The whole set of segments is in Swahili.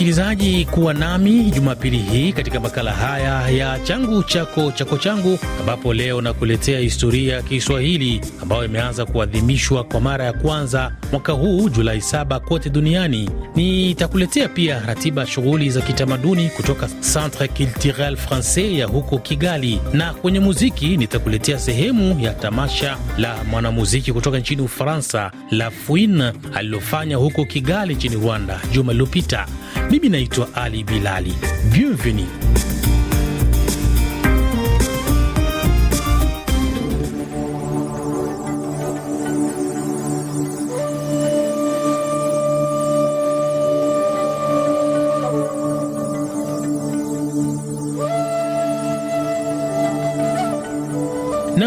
msikilizaji kuwa nami Jumapili hii katika makala haya ya changu chako chako changu, ambapo leo nakuletea historia ya Kiswahili ambayo imeanza kuadhimishwa kwa mara ya kwanza mwaka huu Julai 7 kote duniani. Nitakuletea pia ratiba shughuli za kitamaduni kutoka Centre Culturel Francais ya huko Kigali, na kwenye muziki nitakuletea sehemu ya tamasha la mwanamuziki kutoka nchini Ufaransa la fuin alilofanya huko Kigali nchini Rwanda juma lilopita mimi naitwa Ali Bilali. Bienvenue.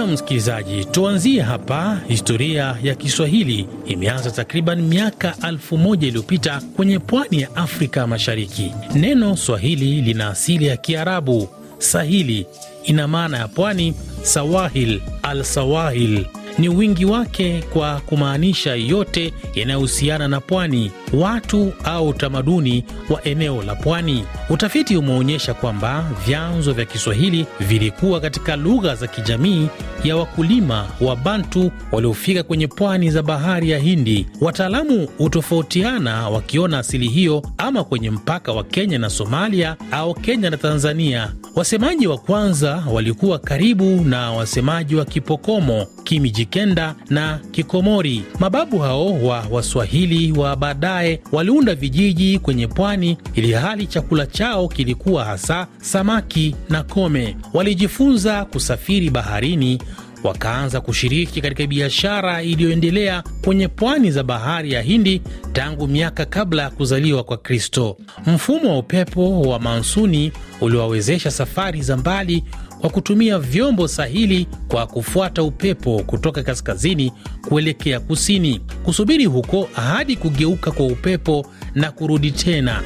Naam msikilizaji, tuanzie hapa. Historia ya Kiswahili imeanza takriban miaka alfu moja iliyopita kwenye pwani ya Afrika Mashariki. Neno Swahili lina asili ya Kiarabu sahili, ina maana ya pwani. Sawahil al sawahil ni wingi wake kwa kumaanisha yote yanayohusiana na pwani watu au utamaduni wa eneo la pwani. Utafiti umeonyesha kwamba vyanzo vya Kiswahili vilikuwa katika lugha za kijamii ya wakulima wa Bantu waliofika kwenye pwani za bahari ya Hindi. Wataalamu hutofautiana wakiona asili hiyo ama kwenye mpaka wa Kenya na Somalia au Kenya na Tanzania. Wasemaji wa kwanza walikuwa karibu na wasemaji wa Kipokomo, Kimijikenda na Kikomori, mababu hao wa Waswahili wa baadaye baadaye waliunda vijiji kwenye pwani, ili hali chakula chao kilikuwa hasa samaki na kome. Walijifunza kusafiri baharini, wakaanza kushiriki katika biashara iliyoendelea kwenye pwani za bahari ya Hindi tangu miaka kabla ya kuzaliwa kwa Kristo. Mfumo wa upepo wa mansuni uliwawezesha safari za mbali kwa kutumia vyombo sahili kwa kufuata upepo kutoka kaskazini kuelekea kusini, kusubiri huko hadi kugeuka kwa upepo na kurudi tena.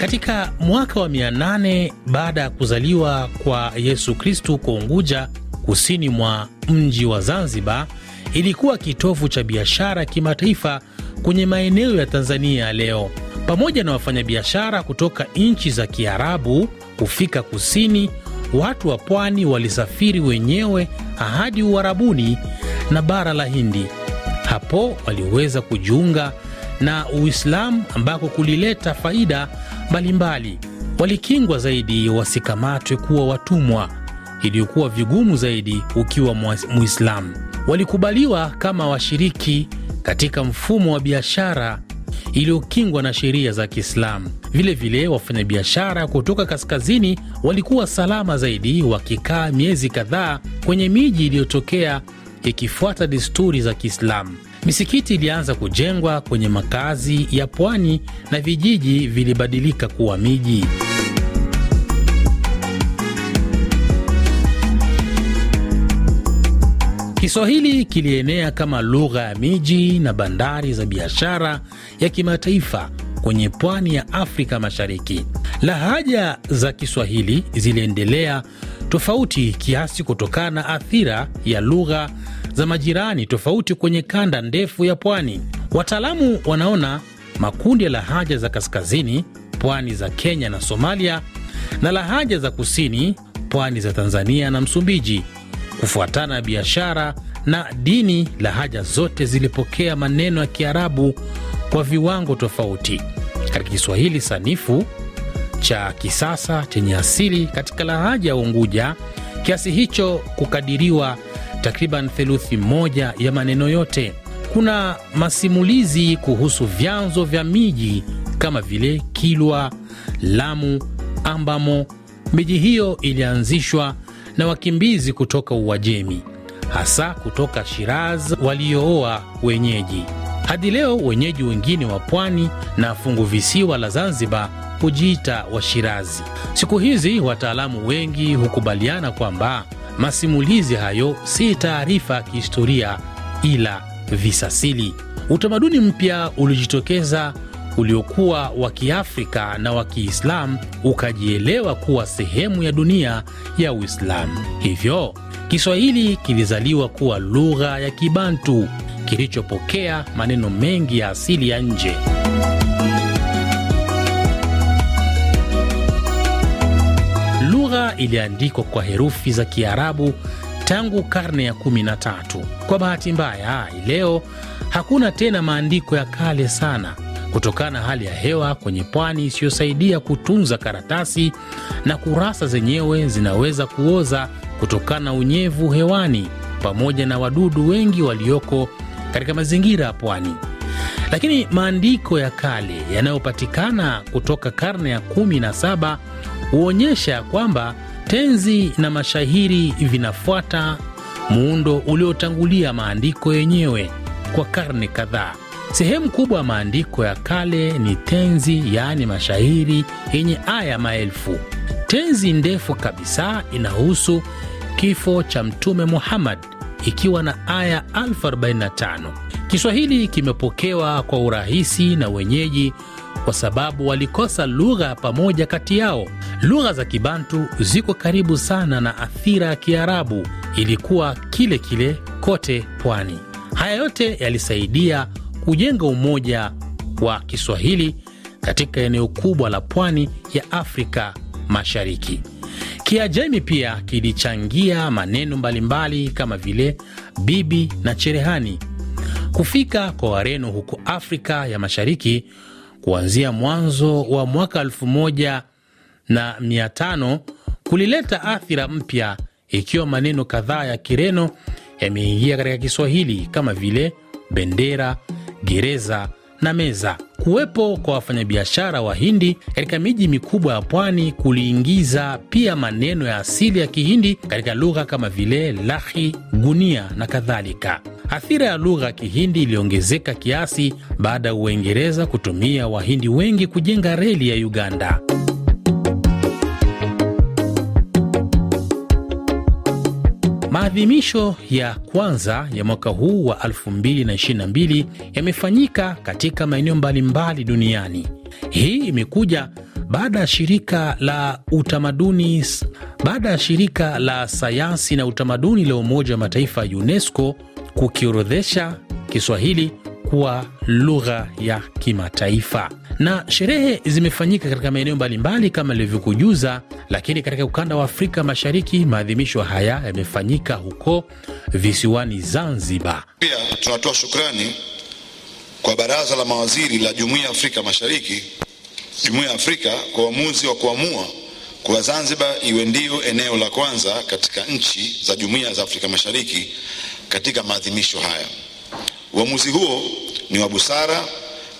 Katika mwaka wa 800 baada ya kuzaliwa kwa Yesu Kristu huko Unguja, kusini mwa mji wa Zanzibar, ilikuwa kitovu cha biashara kimataifa kwenye maeneo ya Tanzania ya leo pamoja na wafanyabiashara kutoka nchi za Kiarabu kufika kusini. Watu wa pwani walisafiri wenyewe hadi Uarabuni na bara la Hindi. Hapo waliweza kujiunga na Uislamu ambako kulileta faida mbalimbali. Walikingwa zaidi wasikamatwe kuwa watumwa, iliyokuwa vigumu zaidi ukiwa Muislamu. Walikubaliwa kama washiriki katika mfumo wa biashara iliyokingwa na sheria za Kiislamu. Vilevile, wafanyabiashara kutoka kaskazini walikuwa salama zaidi, wakikaa miezi kadhaa kwenye miji iliyotokea ikifuata desturi za Kiislamu. Misikiti ilianza kujengwa kwenye makazi ya pwani na vijiji vilibadilika kuwa miji. Kiswahili kilienea kama lugha ya miji na bandari za biashara ya kimataifa kwenye pwani ya Afrika Mashariki. Lahaja za Kiswahili ziliendelea tofauti kiasi kutokana na athira ya lugha za majirani tofauti kwenye kanda ndefu ya pwani. Wataalamu wanaona makundi ya lahaja za kaskazini, pwani za Kenya na Somalia, na lahaja za kusini, pwani za Tanzania na Msumbiji Kufuatana na biashara na dini, lahaja zote zilipokea maneno ya Kiarabu kwa viwango tofauti katika Kiswahili sanifu cha kisasa chenye asili katika lahaja ya Unguja, kiasi hicho kukadiriwa takriban theluthi moja ya maneno yote. Kuna masimulizi kuhusu vyanzo vya miji kama vile Kilwa, Lamu, Ambamo. Miji hiyo ilianzishwa na wakimbizi kutoka Uajemi, hasa kutoka Shiraz waliooa wenyeji. Hadi leo wenyeji wengine wa pwani na fungu visiwa la Zanzibar hujiita Washirazi. Siku hizi wataalamu wengi hukubaliana kwamba masimulizi hayo si taarifa ya kihistoria ila visasili. Utamaduni mpya ulijitokeza uliokuwa wa Kiafrika na wa Kiislamu ukajielewa kuwa sehemu ya dunia ya Uislamu. Hivyo Kiswahili kilizaliwa kuwa lugha ya Kibantu kilichopokea maneno mengi ya asili ya nje. Lugha iliandikwa kwa herufi za Kiarabu tangu karne ya 13. Kwa bahati mbaya, leo hakuna tena maandiko ya kale sana kutokana na hali ya hewa kwenye pwani isiyosaidia kutunza karatasi na kurasa zenyewe zinaweza kuoza kutokana na unyevu hewani pamoja na wadudu wengi walioko katika mazingira ya pwani. Lakini maandiko ya kale yanayopatikana kutoka karne ya 17 na saba huonyesha ya kwamba tenzi na mashahiri vinafuata muundo uliotangulia maandiko yenyewe kwa karne kadhaa. Sehemu kubwa ya maandiko ya kale ni tenzi, yaani mashairi yenye aya maelfu. Tenzi ndefu kabisa inahusu kifo cha Mtume Muhammad ikiwa na aya 45. Kiswahili kimepokewa kwa urahisi na wenyeji kwa sababu walikosa lugha pamoja kati yao. Lugha za Kibantu ziko karibu sana na athira ya Kiarabu ilikuwa kile kile kote pwani. Haya yote yalisaidia kujenga umoja wa Kiswahili katika eneo kubwa la pwani ya Afrika Mashariki. Kiajemi pia kilichangia maneno mbalimbali kama vile bibi na cherehani. Kufika kwa Wareno huko Afrika ya Mashariki kuanzia mwanzo wa mwaka elfu moja na mia tano kulileta athira mpya, ikiwa maneno kadhaa ya Kireno yameingia katika Kiswahili kama vile bendera gereza na meza. Kuwepo kwa wafanyabiashara wa hindi katika miji mikubwa ya pwani kuliingiza pia maneno ya asili ya Kihindi katika lugha kama vile lahi, gunia na kadhalika. Athira ya lugha ya Kihindi iliongezeka kiasi baada ya Uingereza kutumia Wahindi wengi kujenga reli ya Uganda. Maadhimisho ya kwanza ya mwaka huu wa 2022 yamefanyika katika maeneo mbalimbali duniani. Hii imekuja baada ya shirika la utamaduni baada ya shirika la sayansi na utamaduni la Umoja wa Mataifa UNESCO kukiorodhesha Kiswahili kuwa lugha ya kimataifa na sherehe zimefanyika katika maeneo mbalimbali kama ilivyokujuza, lakini katika ukanda wa Afrika Mashariki maadhimisho haya yamefanyika huko visiwani Zanzibar. Pia tunatoa shukrani kwa baraza la mawaziri la Jumuiya ya Afrika Mashariki, Jumuiya ya Afrika kwa uamuzi wa kuamua kuwa Zanzibar iwe ndio eneo la kwanza katika nchi za Jumuiya za Afrika Mashariki katika maadhimisho haya. Uamuzi huo ni wa busara,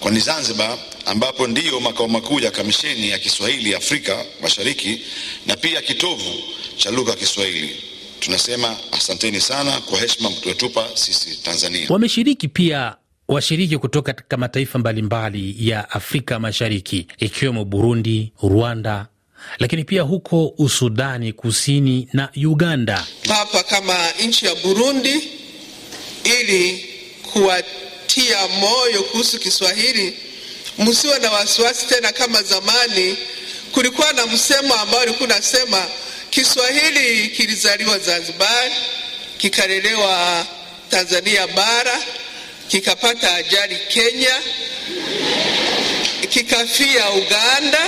kwani Zanzibar ambapo ndiyo makao makuu ya Kamisheni ya Kiswahili Afrika Mashariki na pia kitovu cha lugha ya Kiswahili. Tunasema asanteni sana kwa heshima mtuetupa sisi Tanzania. Wameshiriki pia washiriki kutoka katika mataifa mbalimbali ya Afrika Mashariki ikiwemo Burundi, Rwanda, lakini pia huko Usudani Kusini na Uganda. Hapa kama nchi ya Burundi, ili kuwatia moyo kuhusu Kiswahili msiwe na wasiwasi tena kama zamani. Kulikuwa na msemo ambao ulikuwa unasema Kiswahili kilizaliwa Zanzibar, kikalelewa Tanzania bara, kikapata ajali Kenya, kikafia Uganda,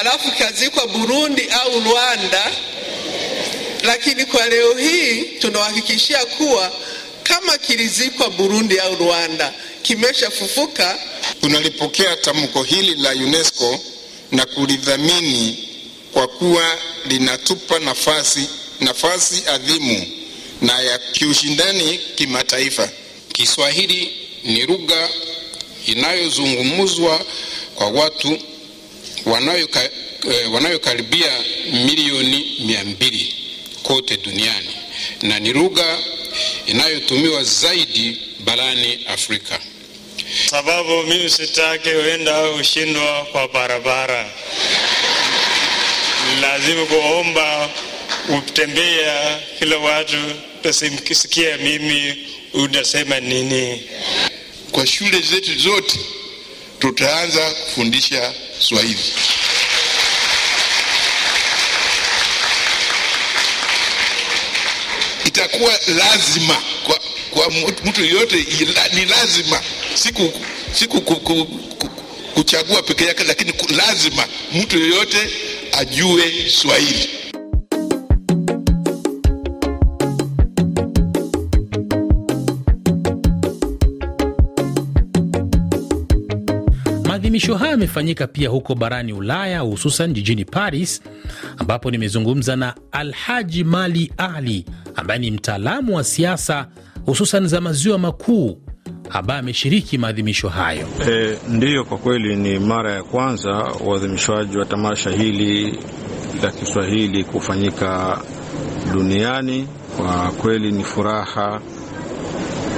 alafu kikazikwa Burundi au Rwanda. Lakini kwa leo hii tunawahakikishia kuwa kama kilizikwa Burundi au Rwanda kimeshafufuka. Tunalipokea tamko hili la UNESCO na kulidhamini kwa kuwa linatupa nafasi nafasi adhimu na ya kiushindani kimataifa. Kiswahili ni lugha inayozungumzwa kwa watu wanayoka, eh, wanayokaribia milioni mia mbili kote duniani na ni lugha inayotumiwa zaidi barani Afrika. Sababu mimi sitaki uenda ushindwa kwa barabara, lazima kuomba utembea kila watu tasimkisikia mimi unasema nini. Kwa shule zetu zote tutaanza kufundisha Swahili. itakuwa lazima kwa, kwa mtu yoyote ni lazima siku, siku ku, ku, ku, kuchagua peke yake, lakini lazima mtu yoyote ajue Swahili. Maadhimisho haya yamefanyika pia huko barani Ulaya, hususan jijini Paris ambapo nimezungumza na Alhaji Mali Ali ambaye ni mtaalamu wa siasa hususan za maziwa makuu ambaye ameshiriki maadhimisho hayo. E, ndiyo, kwa kweli ni mara ya kwanza uadhimishwaji wa tamasha hili la Kiswahili kufanyika duniani. Kwa kweli ni furaha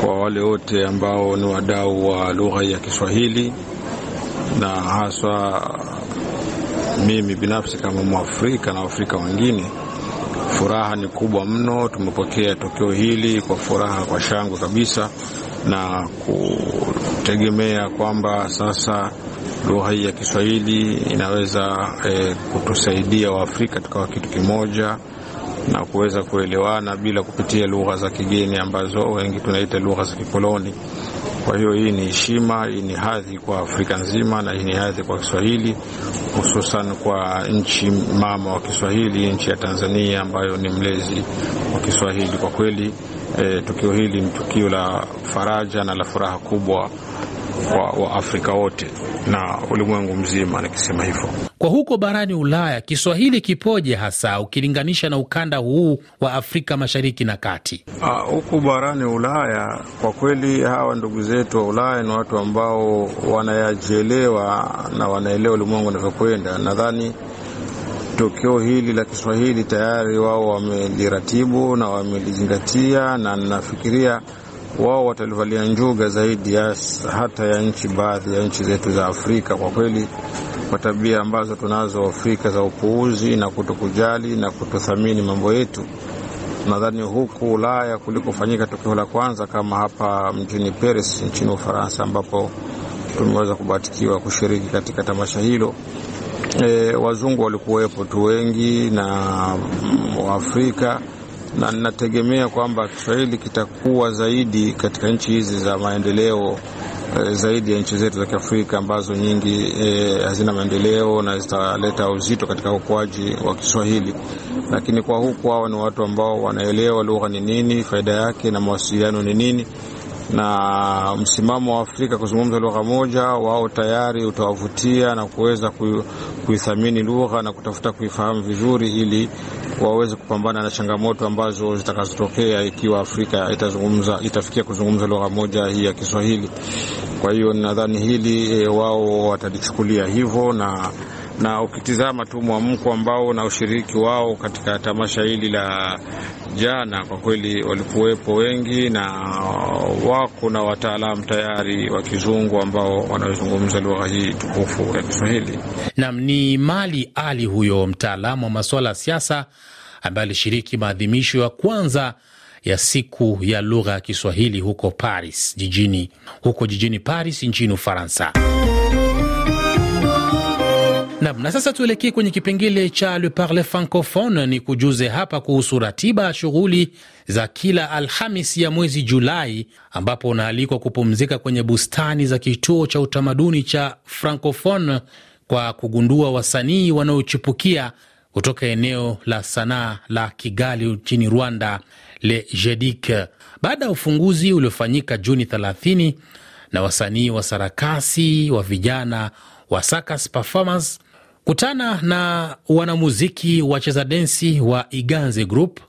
kwa wale wote ambao ni wadau wa lugha ya Kiswahili na haswa mimi binafsi kama Mwafrika na Waafrika wengine, furaha ni kubwa mno. Tumepokea tokeo hili kwa furaha, kwa shangwe kabisa, na kutegemea kwamba sasa lugha hii ya Kiswahili inaweza e, kutusaidia Waafrika tukawa kitu kimoja na kuweza kuelewana bila kupitia lugha za kigeni ambazo wengi tunaita lugha za kikoloni. Kwa hiyo hii ni heshima, hii ni hadhi kwa Afrika nzima, na hii ni hadhi kwa Kiswahili, hususan kwa nchi mama wa Kiswahili, nchi ya Tanzania ambayo ni mlezi wa Kiswahili. Kwa kweli, e, tukio hili ni tukio la faraja na la furaha kubwa wa, wa Afrika wote na ulimwengu mzima, nikisema hivyo. Kwa huko barani Ulaya, Kiswahili kipoje hasa ukilinganisha na ukanda huu wa Afrika Mashariki na Kati? Ah, huku barani Ulaya, kwa kweli hawa ndugu zetu wa Ulaya ni watu ambao wanayajielewa na wanaelewa ulimwengu unavyokwenda. Nadhani tokeo hili la Kiswahili tayari wao wameliratibu na wamelizingatia, na nafikiria wao watalivalia njuga zaidi ya hata ya nchi baadhi ya nchi zetu za Afrika kwa kweli, kwa tabia ambazo tunazo Afrika za upuuzi na kutokujali na kutothamini mambo yetu. Nadhani huku Ulaya kulikofanyika tukio la kwanza kama hapa mjini Paris nchini Ufaransa, ambapo tumeweza kubatikiwa kushiriki katika tamasha hilo. E, wazungu walikuwepo tu wengi na mm, Waafrika na ninategemea kwamba Kiswahili kitakuwa zaidi katika nchi hizi za maendeleo e, zaidi ya nchi zetu za Kiafrika ambazo nyingi e, hazina maendeleo na zitaleta uzito katika ukuaji wa Kiswahili. Lakini kwa huku hawa ni watu ambao wanaelewa lugha ni nini, faida yake na mawasiliano ni nini, na msimamo wa Afrika kuzungumza lugha moja, wao tayari utawavutia na kuweza kuithamini lugha na kutafuta kuifahamu vizuri ili waweze kupambana na changamoto ambazo zitakazotokea ikiwa Afrika itazungumza itafikia kuzungumza lugha moja hii ya Kiswahili. Kwa hiyo nadhani hili e, wao watalichukulia hivyo na na ukitizama tu mwamko ambao na ushiriki wao katika tamasha hili la jana, kwa kweli walikuwepo wengi na wako na wataalamu tayari wa kizungu ambao wanaozungumza lugha hii tukufu ya Kiswahili. Nam ni Mali Ali huyo mtaalamu wa masuala ya siasa ambaye alishiriki maadhimisho ya kwanza ya siku ya lugha ya Kiswahili huko Paris jijini, huko jijini Paris nchini Ufaransa. Na sasa tuelekee kwenye kipengele cha Le Parle Francophone. Ni kujuze hapa kuhusu ratiba ya shughuli za kila Alhamis ya mwezi Julai, ambapo unaalikwa kupumzika kwenye bustani za kituo cha utamaduni cha Francophone kwa kugundua wasanii wanaochipukia kutoka eneo la sanaa la Kigali nchini Rwanda, Le Jedik, baada ya ufunguzi uliofanyika Juni 30 na wasanii wa sarakasi wa vijana wa Sakas Performance kutana na wanamuziki wacheza densi wa Iganze Group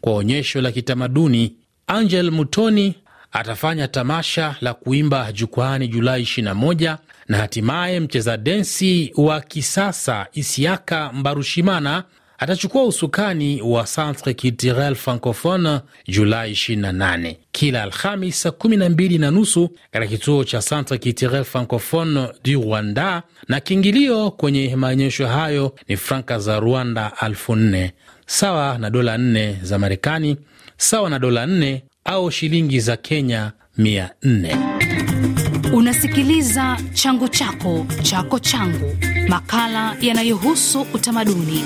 kwa onyesho la kitamaduni. Angel Mutoni atafanya tamasha la kuimba jukwaani Julai 21 na hatimaye mcheza densi wa kisasa Isiaka Mbarushimana atachukua usukani wa Centre Culturel Francophone Julai 28 kila Alhamis saa 12 na na nusu katika kituo cha Centre Culturel Francophone du Rwanda, na kiingilio kwenye maonyesho hayo ni franka za Rwanda 4 sawa na dola 4 za Marekani sawa na dola 4 au shilingi za Kenya 4 Unasikiliza Changu Chako Chako Changu, makala yanayohusu utamaduni.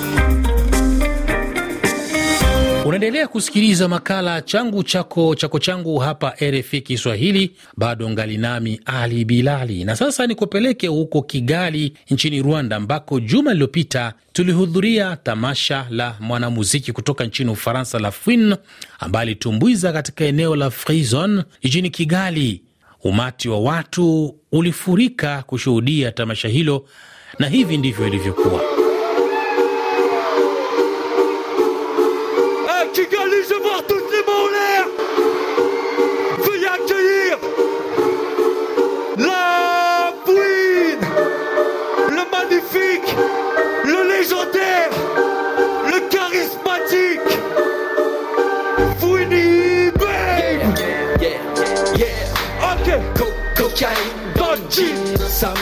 Unaendelea kusikiliza makala Changu Chako Chako Changu hapa RFI Kiswahili. Bado ngali nami Ali Bilali, na sasa nikupeleke huko Kigali nchini Rwanda, ambako juma lililopita tulihudhuria tamasha la mwanamuziki kutoka nchini Ufaransa la Fwin, ambaye alitumbuiza katika eneo la Frison jijini Kigali. Umati wa watu ulifurika kushuhudia tamasha hilo, na hivi ndivyo ilivyokuwa.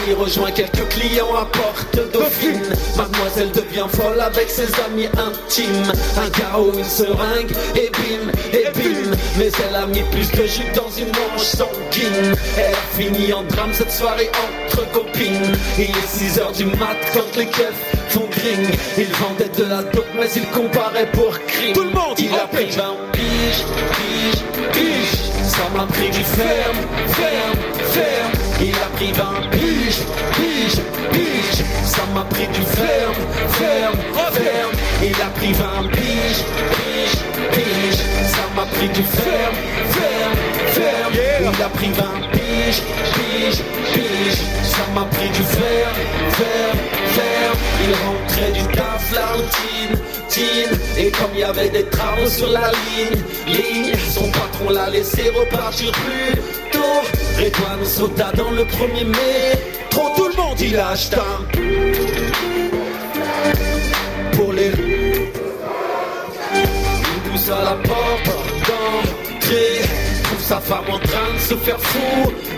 Il rejoint quelques clients à porte dauphine. Mademoiselle devient folle avec ses amis intimes. Un chaos, une seringue, et bim, et bim. Mais elle a mis plus que jus dans une manche sanguine. Elle finit fini en drame cette soirée entre copines. Il est 6h du mat quand les keufs font gring. Il vendait de la dope, mais il comparait pour crime. Tout le monde, il a pris 20 piges, Ça m'a pris du ferme, ferme, ferme il a pris 20 piges, piges, piges. Ça m'a pris du ferme, ferme, ferme. Il a pris 20 piges, piges, piges. Ça m'a pris du ferme, ferme, ferme. Il a pris 20 piges, piges, piges. Ça m'a pris du ferme, ferme, ferme. Il rentrait du taf, la routine, routine. Et comme il y avait des travaux sur la ligne, ligne, son patron l'a laissé repartir plus tôt nous sauta dans le premier mai. Trop tout le monde il acheta. Pour les nous à la porte d'entrée. Trouve sa femme en train de se faire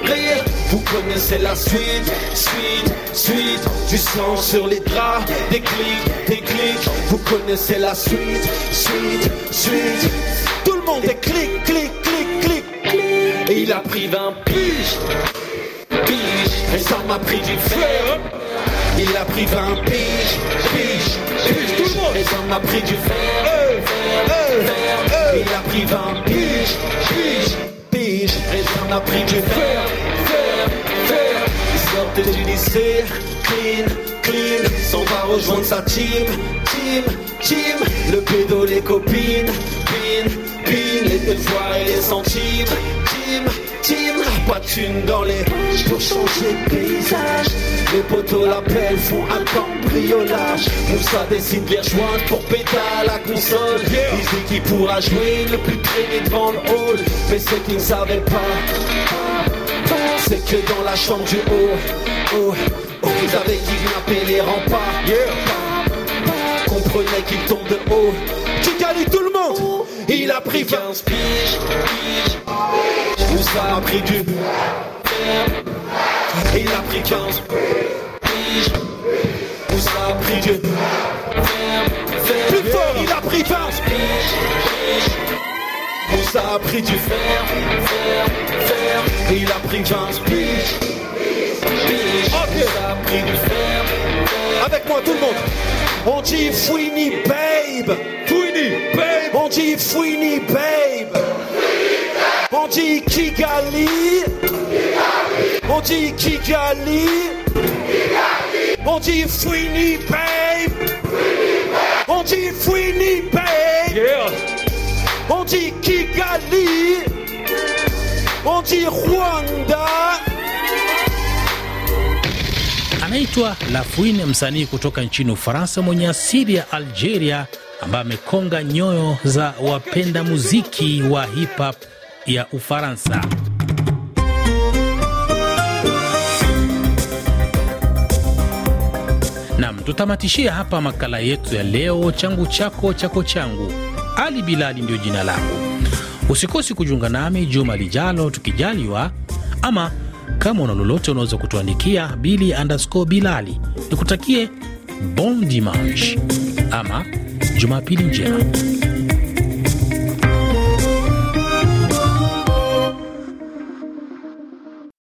rire, Vous connaissez la suite, suite, suite. Du sang sur les draps, des clics, des clics. Vous connaissez la suite, suite, suite. Tout le monde est clic, clic, clic, clic. Et il a pris 20 pige, et ça m'a pris du fer. Il a pris 20 piges, le monde, et ça m'a pris du fer. fer, fer. Il a pris 20 piges, pige, pige, et ça m'a pris du fer. fer, fer. Il du lycée, clean, clean, s'en va rejoindre sa team, team, team. Le pédo, les copines, pin, pin, les foires et les centimes, team pas de dans les Je pour changer de paysage Les poteaux l'appellent, font un cambriolage Moussa décide de les rejoindre pour péter à la console Il dit qu'il pourra jouer le plus traîné devant le hall Mais ce qu'il ne savait pas C'est que dans la chambre du haut oh, oh, Ils avaient kidnappé les remparts Comprenez qu'il tombe de haut Tu gagne tout le monde Il a pris 15 piges. piges où ça a pris du Il a pris 15 piges Où ça a pris du Plus fort, il a pris 15 Où ça a pris du fer, Il a pris 15 piges Avec moi tout le monde On dit Fouini Babe Fouini Babe On dit Fouini Babe on dit Kigali. Kigali. On dit Kigali. Kigali. On dit Fouini, Pay. On dit Fouini, Pay. Yeah. On dit Kigali. On dit Rwanda. Anaitwa Lafuine, msanii kutoka nchini Ufaransa mwenye asili ya Algeria ambaye amekonga nyoyo za wapenda muziki wa hip hop ya Ufaransa. Nam, tutamatishia hapa makala yetu ya leo, changu chako chako changu. Ali Bilali ndiyo jina langu. Usikosi kujiunga nami juma lijalo tukijaliwa, ama kama una lolote unaweza kutuandikia bili underscore bilali. Nikutakie bon dimanche ama jumapili njema.